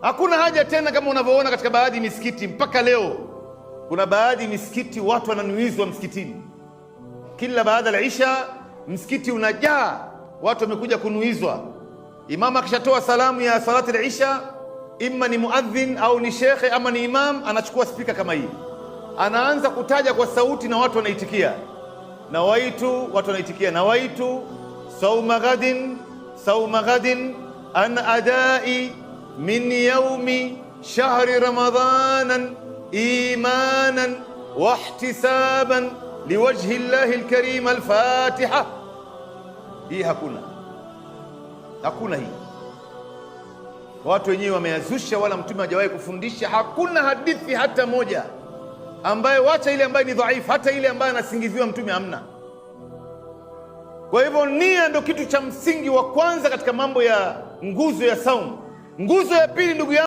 Hakuna haja tena, kama unavyoona katika baadhi ya misikiti mpaka leo, kuna baadhi ya misikiti watu wananuizwa msikitini. Kila baada la isha msikiti unajaa watu wamekuja kunuizwa. Imamu akishatoa salamu ya salati la isha, imma ni muadhin au ni shekhe ama ni imam, anachukua spika kama hii, anaanza kutaja kwa sauti na watu wanaitikia, nawaitu, watu wanaitikia nawaitu sauma ghadin sauma ghadin an adai min yaumi shahri ramadhanan imanan wahtisaban liwajhi llahi lkarim. Alfatiha hii hakuna, hakuna hii, watu wenyewe wameyazusha, wala mtume hajawahi kufundisha. Hakuna hadithi hata moja ambaye, wacha ile ambayo ni dhaifu, hata ile ambayo anasingiziwa mtume, hamna. Kwa hivyo nia ndo kitu cha msingi wa kwanza katika mambo ya nguzo ya saumu. Nguzo ya pili, ndugu yangu.